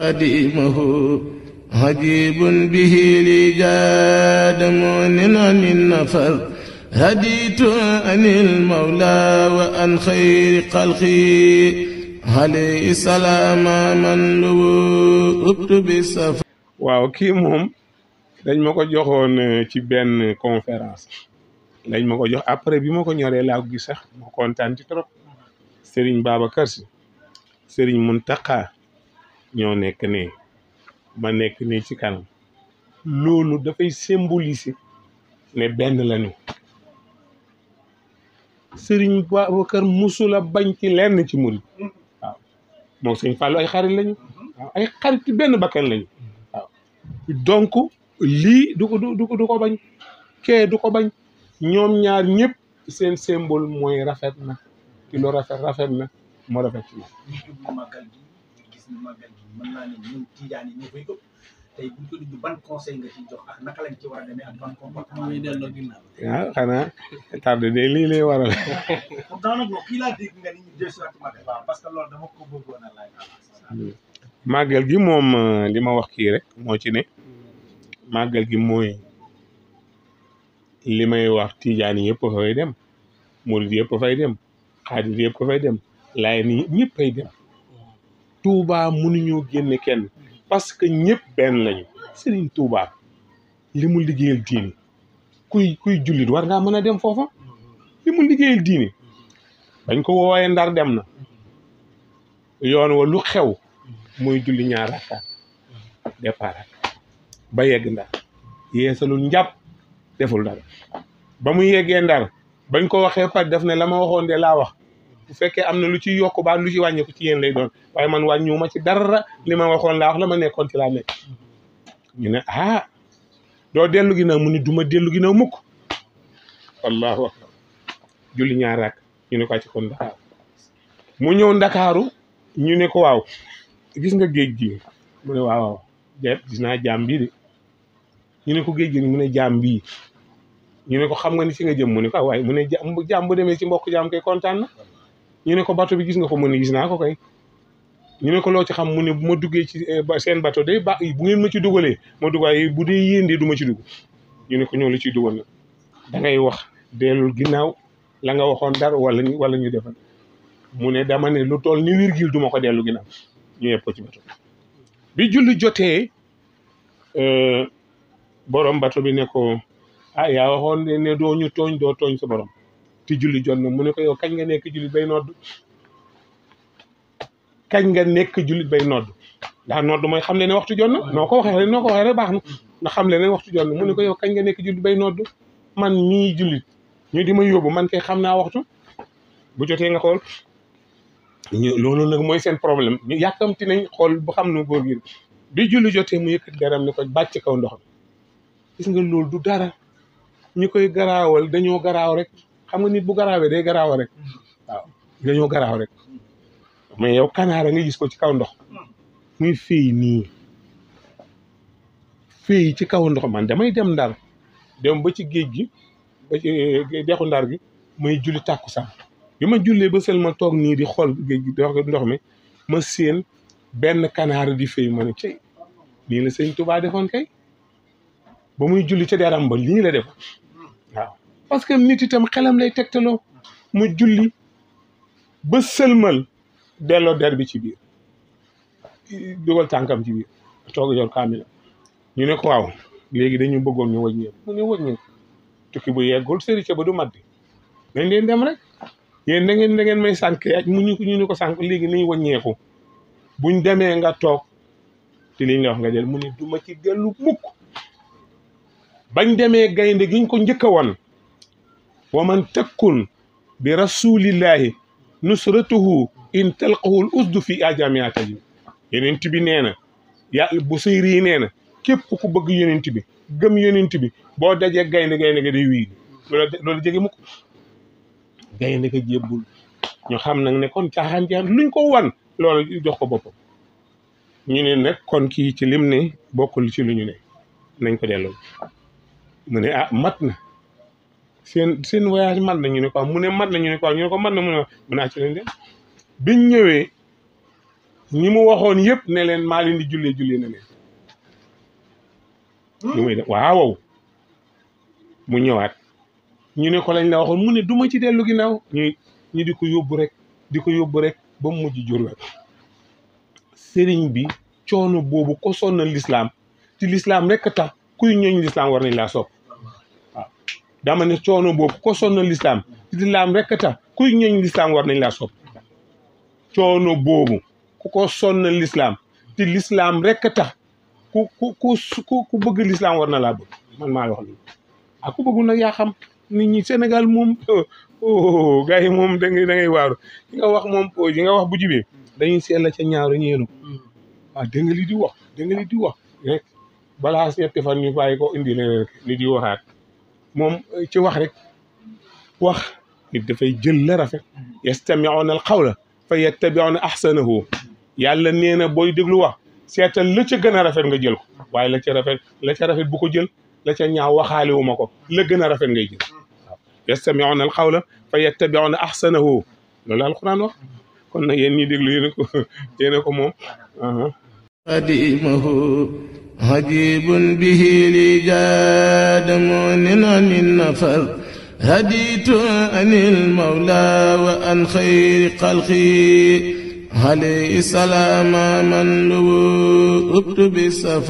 قديمه عجيب به لي جاد مؤمنا kii moom ma ko joxoon eh, ci benn conférence dañ ma ko jox après bi ma ko ñoree laa gi sax ma ci trop Serigne Babacar Sy Serigne Mountakha ñoo nekk nii ma nekk nii ci kanam loolu dafay symboliser ne benn lañu sëriñ Babacar musula bañ ci lenn ci murid moo moom sëriñ ay xarit lañu ay xarit ci benn bakkan lañu waaw lii du ko du ko bañ kee du ko bañ ñoom ñaar ñépp seen symbole mooy rafet na ci lu rafet rafet na moo rafet ci suñu màggal gi war a demee ah, de lay waral. pourtant gi moom euh, li wax kii rek moo ci ne. màggal gi mooy li may wax tijaan yëpp fay dem murid yëpp fay dem xaadir yëpp fay dem laay ni ñëpp dem. Touba mënuñoo génne kenn parce que ñëpp benn lañu Serigne Touba li mu liggéeyal diini kuy kuy jullit war ngaa mën a dem foofa li mu liggéeyal diini dañ ko woowee ndar dem na yoon wa lu xew muy julli ñaar rakkaat départ ba yegg ndar yeesalul njàpp deful dara ba mu yeggee ndar bañ ko waxee par def ne la ma waxoon de laa wax bu fekkee am na lu ci yokk baa lu ci wàññeeku ci yéen lay doon waaye man ma ci dara li ma waxoon laa wax la ma nekkoon ci laa nekk ñu ne ah doo dellu ginnaaw mu ni duma dellu gi na allahu akbar julli ñu ne ko ci kon mu ñëw ndakaaru ñu ne ko waaw gis nga géej gi mu ne naa jaam bii ñu ne ko géej gi mu ne jaam bii xam nga ni ci nga jëm mu ne ko ah, waaye mu ne jaam bu demee ci mbokk jaam kay kontaan ñu ne ko bateau bi gis nga ko mu ne gis naa ko koy ñu ne ko loo ci xam mu ne bu ma duggee ci eh, seen bateau day ba bu ngeen ma ci dugalee ma dugaay bu dee yéen duma ci dugg ñu ne ko ñoo la ciy dugal la da wax dellu ginnaaw la nga waxoon dara wala ñu wala ñu defal mu ne dama ne lu toll ni virgule du ma ko dellu ginnaaw ñu yeb ko ci bateau bi julli jotee euh, borom bateau bi ne ko ah yaa waxoon ne doo ñu tooñ doo tooñ sa boroom waxtu julli jot na mu ne ko yow kañ nga nekk jullit bay nodd kañ nekk jullit bay nodd ndax nodd mooy xam le ne waxtu jot na noo ko waxee rek noo waxee rek baax na ndax xam le ne waxtu jot na mu ne ko yow kañ nga nekk jullit bay nodd man mii jullit ñu di ma yóbbu man kay xam naa waxtu bu jotee nga xool ñu loolu nag mooy seen problème ñu yàkkamti nañ xool bu xam ne góor gi bi julli jotee mu yëkkat garam ne ko bàcc kaw ndox mi gis nga loolu du dara ñu koy garaawal dañoo garaaw rek xam nga nit bu garaawee day garaaw rek mm-hmm. waaw dañoo garaaw rek mais yow kanaara nga gis ko ci kaw ndox mm-hmm. muy fii nii fii ci kaw ndox man damay dem ndar dem ba ci géej gi ba ci eh, dexu ndar gi may julli tàkkusaan bi ma jullee ba sel ma toog nii di xool géej gi ndox mi ma séen benn kanaara di fay ma ne ci nii la sëñ Tuubaa defoon kay ba muy julli ca deram ba lii la def mm-hmm. waaw parce que nit itam xelam lay tegtaloo mu julli ba sëlmal delloo der bi ci biir dugal tànkam ci biir toog yor kaamila ñu ne ko waw léegi dañu bëggoon ñu wëññeeku mu ne wëññeeku tukki bu yeggul sëri ca ba du mat bi nañ leen dem rek yéen da ngeen da ngeen may sànq yaaj mu ñu ko ñu ne ko sànq léegi nañ bu ñu demee nga toog te liñ la wax nga jël mu ne duma ci dellu mukk bañ demee gaynde giñ ko njëkk a woon wa man takkun bi rasulillahi nusratuhu in talqahu l usdu fi ajamiata ji yenent bi nee na ya bu sëyri yi nee na képp ku bëgg yenent bi gëm yenent bi boo dajee gaynde gaynde ga day wii loolu loolu jege mukk gaynde ga jébbul ñu xam nag ne kon caaxaan caaxaan luñ ko wan loolu jox ko boppam ñu ne nag kon kii ci lim ne bokkul ci lu ñu ne nañ ko delloo mu ne ah mat na seen seen voyage mat na ñu ne quoi mu ne mat na ñu ne quoi ko mat na mu ne mën a ci leen dem biñ ñëwee ñi mu waxoon yëpp ne leen maa di jullee jullee na leen. Hmm? ñu muy def waaw mu ñëwaat ñu ne ko lañ la waxoon mu ne du ma ci dellu ginnaaw ñu ñu di ko yóbbu rek di ko yóbbu rek ba mu mujj jur la sëriñ bi coono boobu ko sonnal lislaam ti lislaam rek tax kuy ñooñ lislaam war nañ laa soob dama ne coono boobu ko sonna lislaam lislaam rekk tax kuy ñëñ lislaam war nañ laa sopp coono boobu ku ko sonna lislaam te lislaam rekk tax ku ku bëgg lislaam war na laa bëgg man maa wax loolu ak ku bëggul nag yaa xam nit ñi Sénégal moom oh, oh, gars yi moom da ngay da ngay oh, nga wax bu jibee dañuy seet la ca ñaaru ñeenu waaw ah, dégg nga li di wax dégg nga di wax rek balaa ñetti fan ñu bàyyi ko indi la nit yi waxaat moom ci wax rek wax nit dafay jël la rafet yastami'una al qawla fa yattabi'una ahsanahu yàlla nee na booy déglu wax seetal la ca gën a rafet nga jël ko waaye la ca rafet la ca rafet bu ko jël la ca ñaaw waxaale wu ma ko la gën a rafet ngay jël waaw yastami'una al qawla fa yattabi'una ahsanahu loolu alquran wax kon nag yéen ñi déglu yéen a ko yéen a ko moom. هديب به لي جاد مؤمنا النفر هديت عن المولى وأن خير خلقي هلي سلام من لو أكتب